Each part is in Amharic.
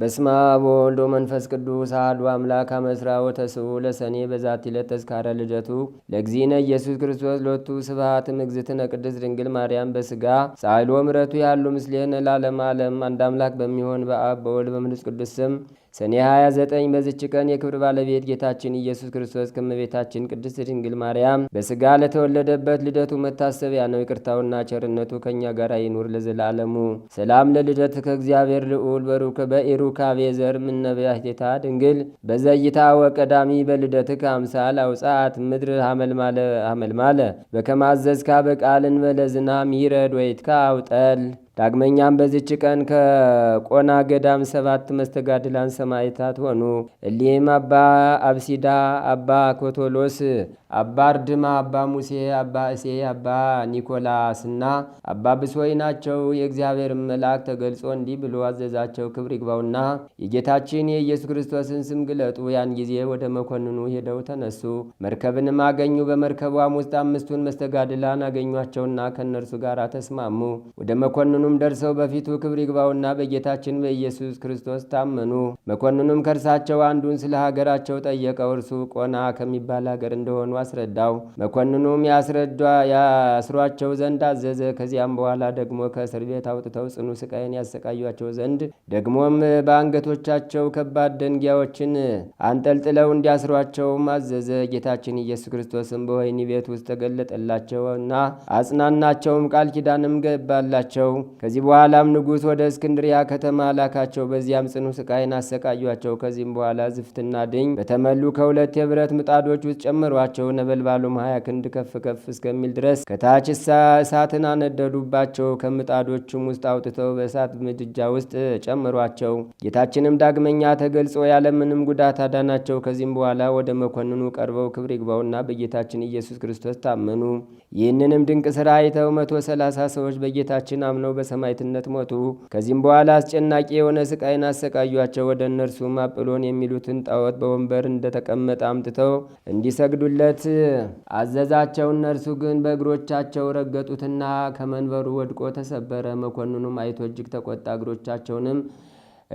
በስማ በወልዶ መንፈስ ቅዱስ አሐዱ አምላክ አመስራ ወተስኡ ለሰኔ በዛቲ ዕለት ተዝካረ ልደቱ ለእግዚእነ ኢየሱስ ክርስቶስ ሎቱ ስብሐትም እግዝእትነ ቅድስት ድንግል ማርያም በስጋ ሳይሎ ምረቱ ያሉ ምስሌን ለዓለመ ዓለም አንድ አምላክ በሚሆን በአብ በወልድ በመንፈስ ቅዱስ ስም ሰኔ 29 በዝች ቀን የክብር ባለቤት ጌታችን ኢየሱስ ክርስቶስ ከእመቤታችን ቅድስት ድንግል ማርያም በስጋ ለተወለደበት ልደቱ መታሰቢያ ነው። ይቅርታውና ቸርነቱ ከእኛ ጋር ይኑር ለዘላለሙ። ሰላም ለልደት ከእግዚአብሔር ልዑል በኢሩካቤ ዘር ጌታ ድንግል በዘይታ ወቀዳሚ በልደት ከአምሳል አውፃአት ምድር አመልማለ በከማዘዝካ በቃልን በለዝና ሚረድ ወይትካ አውጠል ዳግመኛም በዚች ቀን ከቆና ገዳም ሰባት መስተጋድላን ሰማይታት ሆኑ። እሊህም አባ አብሲዳ፣ አባ ኮቶሎስ፣ አባ አርድማ፣ አባ ሙሴ፣ አባ እሴ፣ አባ ኒኮላስና አባ ብሶይ ናቸው። የእግዚአብሔር መልአክ ተገልጾ እንዲህ ብሎ አዘዛቸው። ክብር ይግባውና የጌታችን የኢየሱስ ክርስቶስን ስም ግለጡ። ያን ጊዜ ወደ መኮንኑ ሄደው ተነሱ። መርከብንም አገኙ። በመርከቧም ውስጥ አምስቱን መስተጋድላን አገኟቸውና ከእነርሱ ጋር ተስማሙ። ወደ መኮንኑ መኮንኑም ደርሰው በፊቱ ክብር ይግባውና በጌታችን በኢየሱስ ክርስቶስ ታመኑ። መኮንኑም ከእርሳቸው አንዱን ስለ ሀገራቸው ጠየቀው። እርሱ ቆና ከሚባል ሀገር እንደሆኑ አስረዳው። መኮንኑም ያስሯቸው ዘንድ አዘዘ። ከዚያም በኋላ ደግሞ ከእስር ቤት አውጥተው ጽኑ ስቃይን ያሰቃዩቸው ዘንድ ደግሞም በአንገቶቻቸው ከባድ ደንጊያዎችን አንጠልጥለው እንዲያስሯቸውም አዘዘ። ጌታችን ኢየሱስ ክርስቶስም በወህኒ ቤት ውስጥ ተገለጠላቸውና አጽናናቸውም፣ ቃል ኪዳንም ገባላቸው። ከዚህ በኋላም ንጉሥ ወደ እስክንድሪያ ከተማ ላካቸው። በዚያም ጽኑ ስቃይን አሰቃዩቸው። ከዚህም በኋላ ዝፍትና ድኝ በተመሉ ከሁለት የብረት ምጣዶች ውስጥ ጨምሯቸው ነበልባሉም ሀያ ክንድ ከፍ ከፍ እስከሚል ድረስ ከታች እሳትን አነደዱባቸው። ከምጣዶችም ውስጥ አውጥተው በእሳት ምድጃ ውስጥ ጨምሯቸው። ጌታችንም ዳግመኛ ተገልጾ ያለምንም ጉዳት አዳናቸው። ከዚህም በኋላ ወደ መኮንኑ ቀርበው ክብር ይግባውና በጌታችን ኢየሱስ ክርስቶስ ታመኑ። ይህንንም ድንቅ ሥራ አይተው መቶ ሰላሳ ሰዎች በጌታችን አምነው በሰማዕትነት ሞቱ። ከዚህም በኋላ አስጨናቂ የሆነ ስቃይን አሰቃዩቸው። ወደ እነርሱም አጵሎን የሚሉትን ጣዖት በወንበር እንደተቀመጠ አምጥተው እንዲሰግዱለት አዘዛቸው። እነርሱ ግን በእግሮቻቸው ረገጡትና ከመንበሩ ወድቆ ተሰበረ። መኮንኑም አይቶ እጅግ ተቆጣ። እግሮቻቸውንም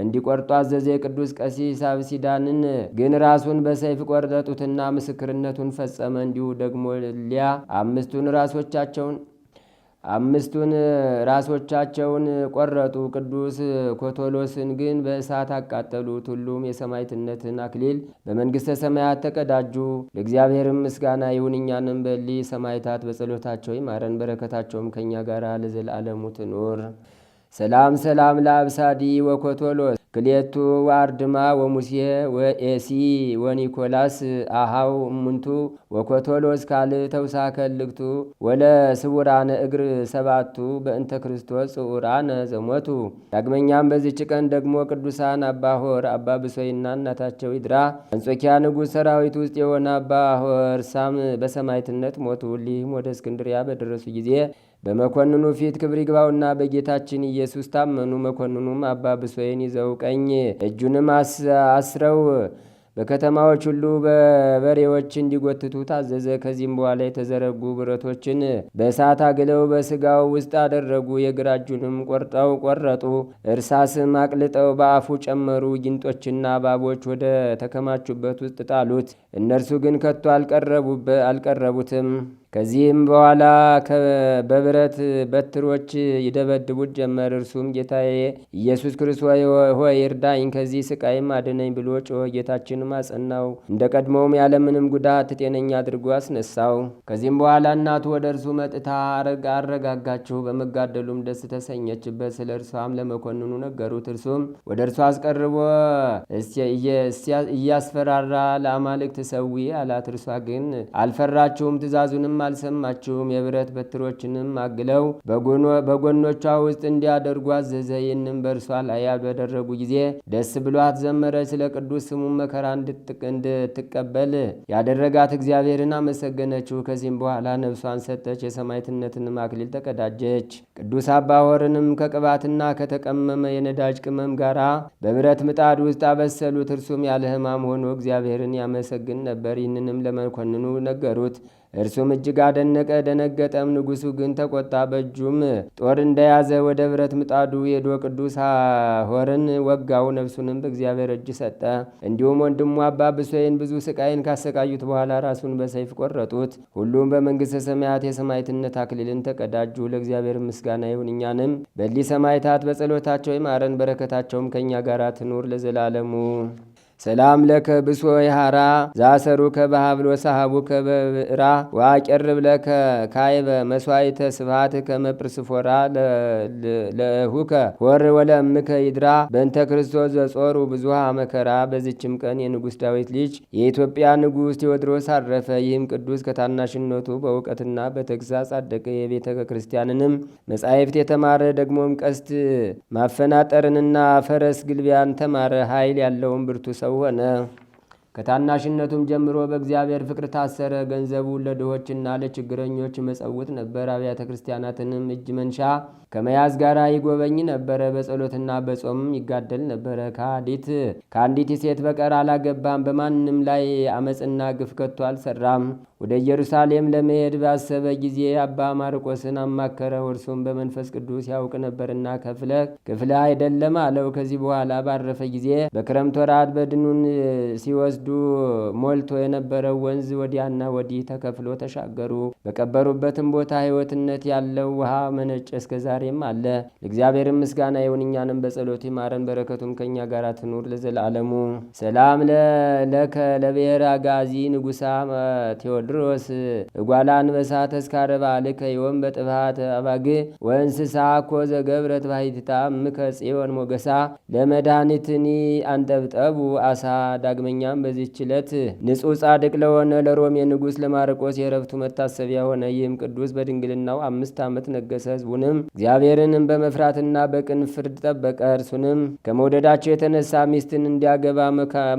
እንዲቆርጡ አዘዘ። የቅዱስ ቀሲስ አብሲዳንን ግን ራሱን በሰይፍ ቆረጡትና ምስክርነቱን ፈጸመ። እንዲሁ ደግሞ ሊያ አምስቱን ራሶቻቸውን አምስቱን ራሶቻቸውን ቆረጡ። ቅዱስ ኮቶሎስን ግን በእሳት አቃጠሉት። ሁሉም የሰማይትነትን አክሊል በመንግሥተ ሰማያት ተቀዳጁ። ለእግዚአብሔርም ምስጋና ይሁን፣ እኛንም በሊ ሰማይታት በጸሎታቸው ይማረን፣ በረከታቸውም ከእኛ ጋር ለዘላለሙ ትኑር። ሰላም ሰላም ለአብሳዲ ወኮቶሎስ ክሌቱ ዋርድማ ወሙሴ ወኤሲ ወኒኮላስ አሃው እሙንቱ ወኮቶሎስ ካል ተውሳከ ልክቱ ወለ ስውራነ እግር ሰባቱ በእንተ ክርስቶስ ጽዑራነ ዘሞቱ። ዳግመኛም በዚች ቀን ደግሞ ቅዱሳን አባሆር አባ ብሶይና እናታቸው ይድራ አንጾኪያ ንጉሥ ሰራዊት ውስጥ የሆነ አባሆር ሳም በሰማይትነት ሞቱ። ሊህም ወደ እስክንድሪያ በደረሱ ጊዜ በመኮንኑ ፊት ክብር ይግባውና በጌታችን ኢየሱስ ታመኑ። መኮንኑም አባ ብሶይን ይዘው ቀኝ እጁንም አስረው በከተማዎች ሁሉ በበሬዎች እንዲጎትቱ ታዘዘ። ከዚህም በኋላ የተዘረጉ ብረቶችን በእሳት አግለው በስጋው ውስጥ አደረጉ። የግራ እጁንም ቆርጠው ቆረጡ። እርሳስም አቅልጠው በአፉ ጨመሩ። ጊንጦችና እባቦች ወደ ተከማቹበት ውስጥ ጣሉት። እነርሱ ግን ከቶ አልቀረቡትም። ከዚህም በኋላ በብረት በትሮች ይደበድቡት ጀመር። እርሱም ጌታዬ ኢየሱስ ክርስቶስ ሆይ እርዳኝ፣ ከዚህ ስቃይም አድነኝ ብሎ ጮኸ። ጌታችንም አጸናው፣ እንደ ቀድሞውም ያለምንም ጉዳት ጤነኛ አድርጎ አስነሳው። ከዚህም በኋላ እናቱ ወደ እርሱ መጥታ አረጋጋችሁ፣ በመጋደሉም ደስ ተሰኘችበት። ስለ እርሷም ለመኮንኑ ነገሩት። እርሱም ወደ እርሷ አስቀርቦ እያስፈራራ ለአማልክት ሰዊ አላት። እርሷ ግን አልፈራችሁም፣ ትእዛዙንም አልሰማችውም። የብረት በትሮችንም አግለው በጎኖቿ ውስጥ እንዲያደርጉ አዘዘ። ይህንም በእርሷ ላይ በደረጉ ጊዜ ደስ ብሏት ዘመረች። ስለ ቅዱስ ስሙም መከራ እንድትቀበል ያደረጋት እግዚአብሔርን አመሰገነችው። ከዚህም በኋላ ነፍሷን ሰጠች። የሰማዕትነትንም አክሊል ተቀዳጀች። ቅዱስ አባሆርንም ከቅባትና ከተቀመመ የነዳጅ ቅመም ጋራ በብረት ምጣድ ውስጥ አበሰሉት። እርሱም ያለ ሕማም ሆኖ እግዚአብሔርን ያመሰግን ነበር። ይህንንም ለመኮንኑ ነገሩት። እርሱም እጅግ አደነቀ፣ ደነገጠም። ንጉሱ ግን ተቆጣ። በእጁም ጦር እንደያዘ ወደ ብረት ምጣዱ የዶ ቅዱስ ሆርን ወጋው፣ ነፍሱንም በእግዚአብሔር እጅ ሰጠ። እንዲሁም ወንድሙ አባ ብሶይን ብዙ ስቃይን ካሰቃዩት በኋላ ራሱን በሰይፍ ቆረጡት። ሁሉም በመንግሥተ ሰማያት የሰማይትነት አክሊልን ተቀዳጁ። ለእግዚአብሔር ምስጋና ይሁን፣ እኛንም በሊ ሰማይታት በጸሎታቸው ይማረን፣ በረከታቸውም ከእኛ ጋር ትኑር ለዘላለሙ። ሰላም ለከ ብሶ ይሃራ ዛሰሩ በሀብሎ ሳሃቡከ በብዕራ ወአቀርብ ለከ ካይበ መስዋይተ ስብሃት ከመጵርስፎራ ለእሁከ ወር ወለምከ ይድራ በእንተ ክርስቶስ ዘጾሩ ብዙሃ መከራ። በዚችም ቀን የንጉሥ ዳዊት ልጅ የኢትዮጵያ ንጉሥ ቴዎድሮስ አረፈ። ይህም ቅዱስ ከታናሽነቱ በእውቀትና በተግዛ አደገ። የቤተ ክርስቲያንንም መጻሕፍት የተማረ ደግሞም ቀስት ማፈናጠርንና ፈረስ ግልቢያን ተማረ። ኃይል ያለውን ብርቱ ሰው ሆነ። ከታናሽነቱም ጀምሮ በእግዚአብሔር ፍቅር ታሰረ። ገንዘቡ ለድሆችና ለችግረኞች መጸውት ነበር። አብያተ ክርስቲያናትንም እጅ መንሻ ከመያዝ ጋር ይጎበኝ ነበረ። በጸሎትና በጾም ይጋደል ነበረ። ከአንዲት ከአንዲት ሴት በቀር አላገባም። በማንም ላይ አመፅና ግፍ ከቶ አልሰራም። ወደ ኢየሩሳሌም ለመሄድ ባሰበ ጊዜ አባ ማርቆስን አማከረው። እርሱም በመንፈስ ቅዱስ ያውቅ ነበርና ከፍለ ክፍለ አይደለም አለው። ከዚህ በኋላ ባረፈ ጊዜ በክረምት ወራት በድኑን ሲወስዱ ሞልቶ የነበረው ወንዝ ወዲያና ወዲህ ተከፍሎ ተሻገሩ። በቀበሩበትም ቦታ ሕይወትነት ያለው ውሃ መነጨ፣ እስከ ዛሬም አለ። ለእግዚአብሔር ምስጋና ይሁን፣ እኛንም በጸሎት ይማረን፣ በረከቱም ከእኛ ጋር ትኑር ለዘላለሙ። ሰላም ለከ ለብሔር አጋዚ ንጉሳ ቴዎድሮ ቴዎድሮስ ጓላ አንበሳ ተስካረ ባልከ ዮም በጥፋት አባግ ወእንስሳ ኮ ዘገብረት ባሕቲታም ከጽዮን ሞገሳ ለመድኃኒትኒ አንጠብጠቡ አሳ። ዳግመኛም በዚህች ዕለት ንጹሕ ጻድቅ ለሆነ ለሮሜ ንጉሥ ለማርቆስ የረፍቱ መታሰቢያ ሆነ። ይህም ቅዱስ በድንግልናው አምስት ዓመት ነገሰ። ህዝቡንም እግዚአብሔርንም በመፍራትና በቅን ፍርድ ጠበቀ። እርሱንም ከመውደዳቸው የተነሳ ሚስትን እንዲያገባ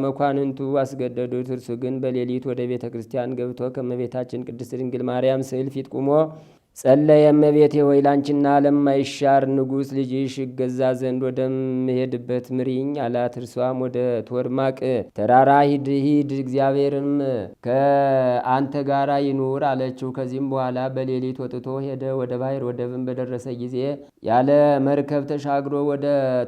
መኳንንቱ አስገደዱት። እርሱ ግን በሌሊት ወደ ቤተ ክርስቲያን ገብቶ ከእመቤታችን ቅድስት ድንግል ማርያም ስዕል ፊት ቁሞ ጸለየ። እመቤቴ ሆይ ላንቺና ለማይሻር ንጉሥ ልጅሽ እገዛ ዘንድ ወደምሄድበት ምሪኝ አላት። እርሷም ወደ ቶርማቅ ተራራ ሂድ ሂድ፣ እግዚአብሔርም ከአንተ ጋራ ይኑር አለችው። ከዚህም በኋላ በሌሊት ወጥቶ ሄደ። ወደ ባህር ወደብን በደረሰ ጊዜ ያለ መርከብ ተሻግሮ ወደ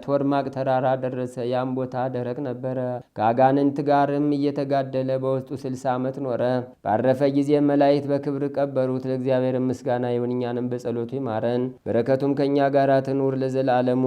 ቶርማቅ ተራራ ደረሰ። ያም ቦታ ደረቅ ነበረ። ከአጋንንት ጋርም እየተጋደለ በውስጡ ስልሳ ዓመት ኖረ። ባረፈ ጊዜ መላእክት በክብር ቀበሩት። ለእግዚአብሔር ምስጋና ይሁን እኛንም በጸሎቱ ይማረን፣ በረከቱም ከእኛ ጋር ትኑር ለዘላለሙ።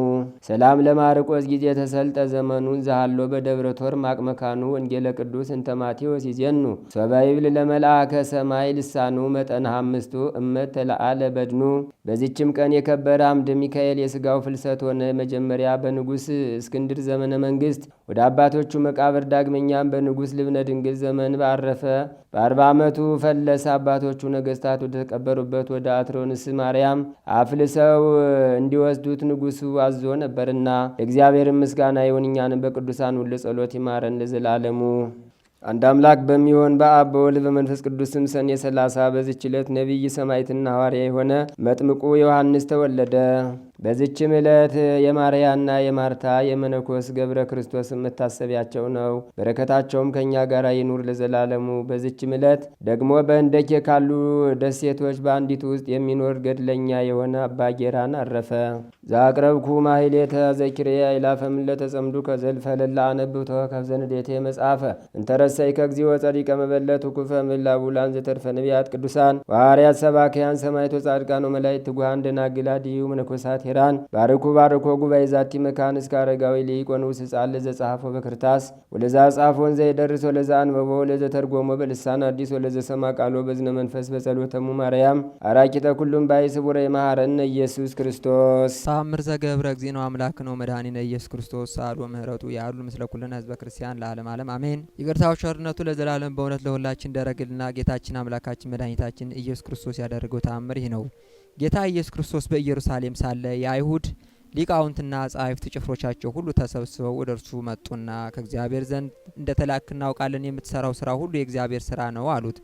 ሰላም ለማርቆስ ጊዜ ተሰልጠ ዘመኑን ዛሃሎ በደብረ ቶር ማቅመካኑ ወንጌለ ቅዱስ እንተ ማቴዎስ ይዜኑ ሰበይብል ለመልአከ ሰማይ ልሳኑ መጠን አምስቱ እመት ተለአለ በድኑ። በዚችም ቀን የከበረ አምድ ሚካኤል የስጋው ፍልሰት ሆነ። መጀመሪያ በንጉሥ እስክንድር ዘመነ መንግስት። ወደ አባቶቹ መቃብር ዳግመኛም በንጉሥ ልብነ ድንግል ዘመን ባረፈ በአርባ ዓመቱ ፈለሰ። አባቶቹ ነገስታት ወደተቀበሩበት ወደ ፓትሮንስ ማርያም አፍልሰው እንዲወስዱት ንጉሱ አዞ ነበርና እግዚአብሔር ምስጋና ይሁን። እኛንም በቅዱሳን ሁሉ ጸሎት ይማረን ለዘላለሙ። አንድ አምላክ በሚሆን በአብ በወልድ በመንፈስ ቅዱስ ስም ሰኔ ሰላሳ በዚች ዕለት ነቢይ ሰማዕትና ሐዋርያ የሆነ መጥምቁ ዮሐንስ ተወለደ። በዚችም ዕለት የማርያና የማርታ የመነኮስ ገብረ ክርስቶስ የምታሰቢያቸው ነው። በረከታቸውም ከእኛ ጋር ይኑር ለዘላለሙ። በዚችም ዕለት ደግሞ በእንደኬ ካሉ ደሴቶች በአንዲቱ ውስጥ የሚኖር ገድለኛ የሆነ አባ ጌራን አረፈ። ዛቅረብኩ ማሕሌተ ዘኪርያ ይላፈምለ ተጸምዱ ከዘልፈለላ አነብቶ ከብዘንዴቴ መጽሐፈ እንተረሰይ ከግዚኦ ጸዲቀ መበለት ኩፈ ምላቡላን ዘተርፈ ነቢያት ቅዱሳን ዋርያት ሰባክያን ሰማይቶ ጻድቃኖ መላይት ትጉሃን ደናግላ ድዩ መነኮሳት ሄራን ባርኩ ባርኮ ጉባኤ ዛቲ መካን እስከ አረጋዊ ሊቆን ውስ ህፃን ለዘ ጸሐፎ በክርታስ ወለዛ ጻፎ ወንዘ የደርስ ወለዛ አንበቦ ወለዘ ተርጎሞ በልሳን አዲስ ወለዘ ሰማ ቃሎ በዝነ መንፈስ በጸሎተሙ ማርያም አራኪተ ኩሉም ባይ ስቡረ የማሃረነ ኢየሱስ ክርስቶስ ተአምር ዘገብረ ነው አምላክ ነው መድኃኒነ ኢየሱስ ክርስቶስ ሳሉ ምህረቱ ያሉ ምስለ ኩልነ ህዝበ ክርስቲያን ለዓለም ዓለም አሜን። ይቅርታው ቸርነቱ ለዘላለም በእውነት ለሁላችን ደረግልና ጌታችን አምላካችን መድኃኒታችን ኢየሱስ ክርስቶስ ያደረገው ተአምር ይህ ነው። ጌታ ኢየሱስ ክርስቶስ በኢየሩሳሌም ሳለ የአይሁድ ሊቃውንትና ጸሐፍት ጭፍሮቻቸው ሁሉ ተሰብስበው ወደ እርሱ መጡና ከእግዚአብሔር ዘንድ እንደ ተላክ እናውቃለን፣ የምትሰራው ስራ ሁሉ የእግዚአብሔር ስራ ነው አሉት።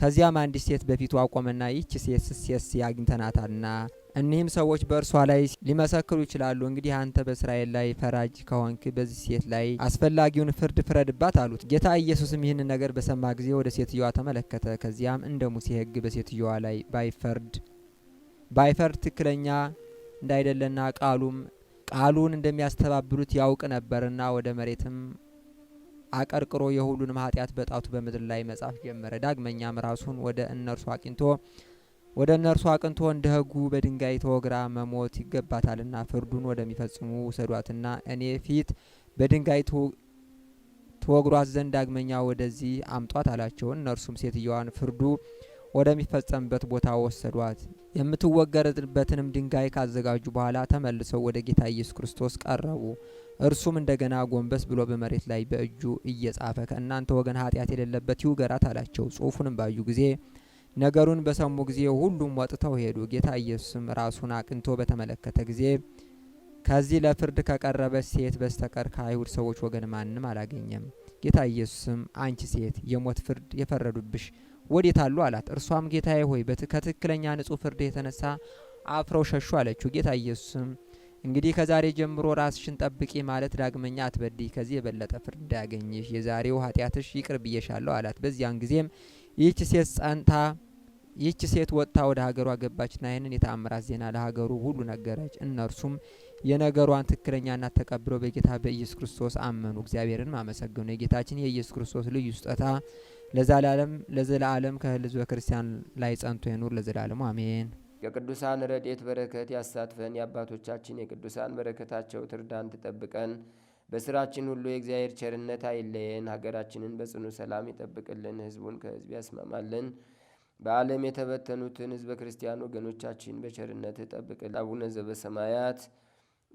ከዚያም አንዲት ሴት በፊቱ አቆመና ይህች ሴት ስሴስ አግኝተናታልና እኒህም ሰዎች በእርሷ ላይ ሊመሰክሩ ይችላሉ። እንግዲህ አንተ በእስራኤል ላይ ፈራጅ ከሆንክ በዚህ ሴት ላይ አስፈላጊውን ፍርድ ፍረድባት አሉት። ጌታ ኢየሱስም ይህንን ነገር በሰማ ጊዜ ወደ ሴትዮዋ ተመለከተ። ከዚያም እንደ ሙሴ ሕግ በሴትዮዋ ላይ ባይፈርድ ባይፈርድ ትክክለኛ እንዳይደለና ቃሉም ቃሉን እንደሚያስተባብሉት ያውቅ ነበርና ወደ መሬትም አቀርቅሮ የሁሉንም ኃጢአት በጣቱ በምድር ላይ መጻፍ ጀመረ። ዳግመኛም ራሱን ወደ እነርሱ አቅንቶ ወደ እነርሱ አቅንቶ እንደ ሕጉ በድንጋይ ተወግራ መሞት ይገባታልና ፍርዱን ወደሚፈጽሙ ውሰዷትና እኔ ፊት በድንጋይ ተወግሯት ዘንድ ዳግመኛ ወደዚህ አምጧት አላቸው። እነርሱም ሴትዮዋን ፍርዱ ወደሚፈጸምበት ቦታ ወሰዷት። የምትወገርበትንም ድንጋይ ካዘጋጁ በኋላ ተመልሰው ወደ ጌታ ኢየሱስ ክርስቶስ ቀረቡ። እርሱም እንደገና ጎንበስ ብሎ በመሬት ላይ በእጁ እየጻፈ ከእናንተ ወገን ኃጢአት የሌለበት ይውገራት አላቸው። ጽሑፉንም ባዩ ጊዜ ነገሩን በሰሙ ጊዜ ሁሉም ወጥተው ሄዱ። ጌታ ኢየሱስም ራሱን አቅንቶ በተመለከተ ጊዜ ከዚህ ለፍርድ ከቀረበች ሴት በስተቀር ከአይሁድ ሰዎች ወገን ማንም አላገኘም። ጌታ ኢየሱስም አንቺ ሴት የሞት ፍርድ የፈረዱብሽ ወዴት አሉ አላት። እርሷም ጌታዬ ሆይ ከትክክለኛ ንጹህ ፍርድ የተነሳ አፍረው ሸሹ አለችው። ጌታ ኢየሱስም እንግዲህ ከዛሬ ጀምሮ ራስሽን ጠብቂ ማለት ዳግመኛ አትበድይ፣ ከዚህ የበለጠ ፍርድ እንዳያገኝሽ የዛሬው ኃጢአትሽ ይቅር ብዬሻለሁ አላት። በዚያን ጊዜም ይህች ሴት ጸንታ ይህች ሴት ወጥታ ወደ ሀገሯ ገባችና ይህንን የተአምራት ዜና ለሀገሩ ሁሉ ነገረች። እነርሱም የነገሯን ትክክለኛና ተቀብለው በጌታ በኢየሱስ ክርስቶስ አመኑ፣ እግዚአብሔርን አመሰግኑ። የጌታችን የኢየሱስ ክርስቶስ ልዩ ስጦታ ለዘላለም ለዘላለም ከህዝበ ክርስቲያን ላይ ጸንቶ ይኑር ለዘላለሙ አሜን። የቅዱሳን ረድኤት በረከት ያሳትፈን። የአባቶቻችን የቅዱሳን በረከታቸው ትርዳን ትጠብቀን። በስራችን ሁሉ የእግዚአብሔር ቸርነት አይለየን። ሀገራችንን በጽኑ ሰላም ይጠብቅልን፣ ህዝቡን ከህዝብ ያስማማልን። በዓለም የተበተኑትን ህዝበ ክርስቲያን ወገኖቻችን በቸርነት ይጠብቅልን። አቡነ ዘበሰማያት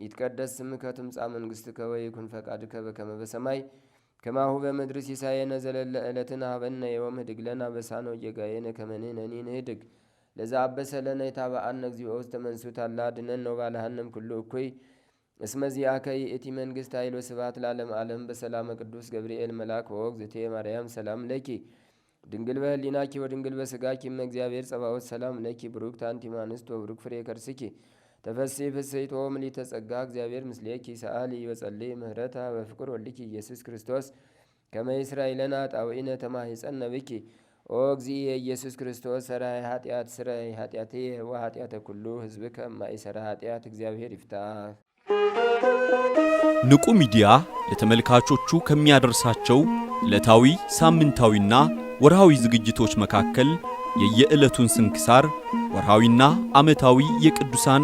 ይትቀደስ ስምከ ትምጻእ መንግሥትከ ወይኩን ፈቃድከ በከመ በሰማይ ከማሁ በምድር ሲሳየነ ዘለለ ዕለትን ሀበነ የወም ህድግ ለነ አበሳነ ወጌጋየነ ከመ ንሕነኒ ንህድግ ለዛ አበሰ ለነ የታበአነ እግዚኦ ውስተ መንሱት አላ ድነን ነው ባልሃንም ኩሉ እኩይ እስመ ዚአከ ይእቲ መንግሥት ኃይሎ ስብሐት ለዓለም ዓለም በሰላመ ቅዱስ ገብርኤል መልአክ ወወግ ዝቴ ማርያም ሰላም ለኪ ድንግል በህሊናኪ ወድንግል በስጋኪ እመ እግዚአብሔር ጸባኦት ሰላም ለኪ ብሩክት አንቲ እምአንስት ወብሩክ ፍሬ ከርስኪ ተፈሴ ፍሴቶ ምሊተ ጸጋ እግዚአብሔር ምስሌኪ ሰአሊ በጸልይ ምህረታ በፍቅር ወልኪ ኢየሱስ ክርስቶስ ከመ ይስራኤለና ጣውኢነ ተማሂፀነ ብኪ ኦ እግዚ ኢየሱስ ክርስቶስ ሰራይ ኃጢአት ስራይ ኃጢአቴ ወኃጢአተ ኩሉ ህዝብ ከማይ ሰራ ኃጢአት እግዚአብሔር ይፍታ። ንቁ ሚዲያ ለተመልካቾቹ ከሚያደርሳቸው ዕለታዊ ሳምንታዊና ወርሃዊ ዝግጅቶች መካከል የየዕለቱን ስንክሳር ወርሃዊና ዓመታዊ የቅዱሳን